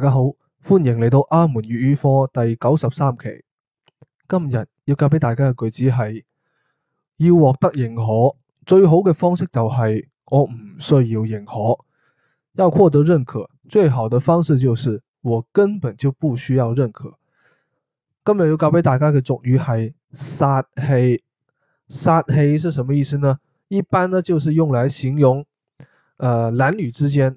大家好，歡迎嚟到阿門粵語課第九十三期。今日要教俾大家嘅句子係：要獲得認可，最好嘅方式就係我唔需要認可；要獲得認可，最好嘅方式就是我根本就不需要認可。今日要教俾大家嘅俗語係：煞氣，煞氣是什麼意思呢？一般呢，就是用來形容，誒、呃、男女之間。